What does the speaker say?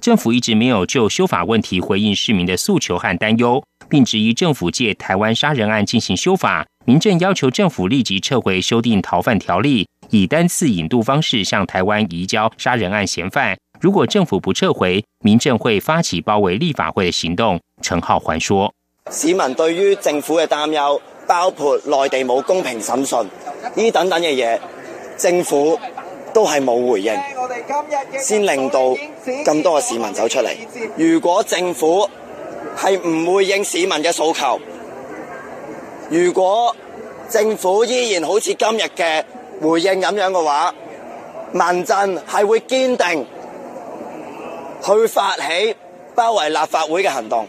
政府一直沒有就修法問題回應市民的訴求和擔憂，並質疑政府借台灣殺人案進行修法。民政要求政府立即撤回修訂逃犯條例，以單次引渡方式向台灣移交殺人案嫌犯。如果政府不撤回，民政會發起包圍立法會的行動。陳皓桓說：“市民對於政府嘅擔憂，包括內地冇公平審訊，呢等等嘅嘢，政府。”都係冇回應，先令到更多嘅市民走出嚟。如果政府係唔回應市民嘅訴求，如果政府依然好似今日嘅回應咁樣嘅話，民陣係會堅定去發起包圍立法會嘅行動。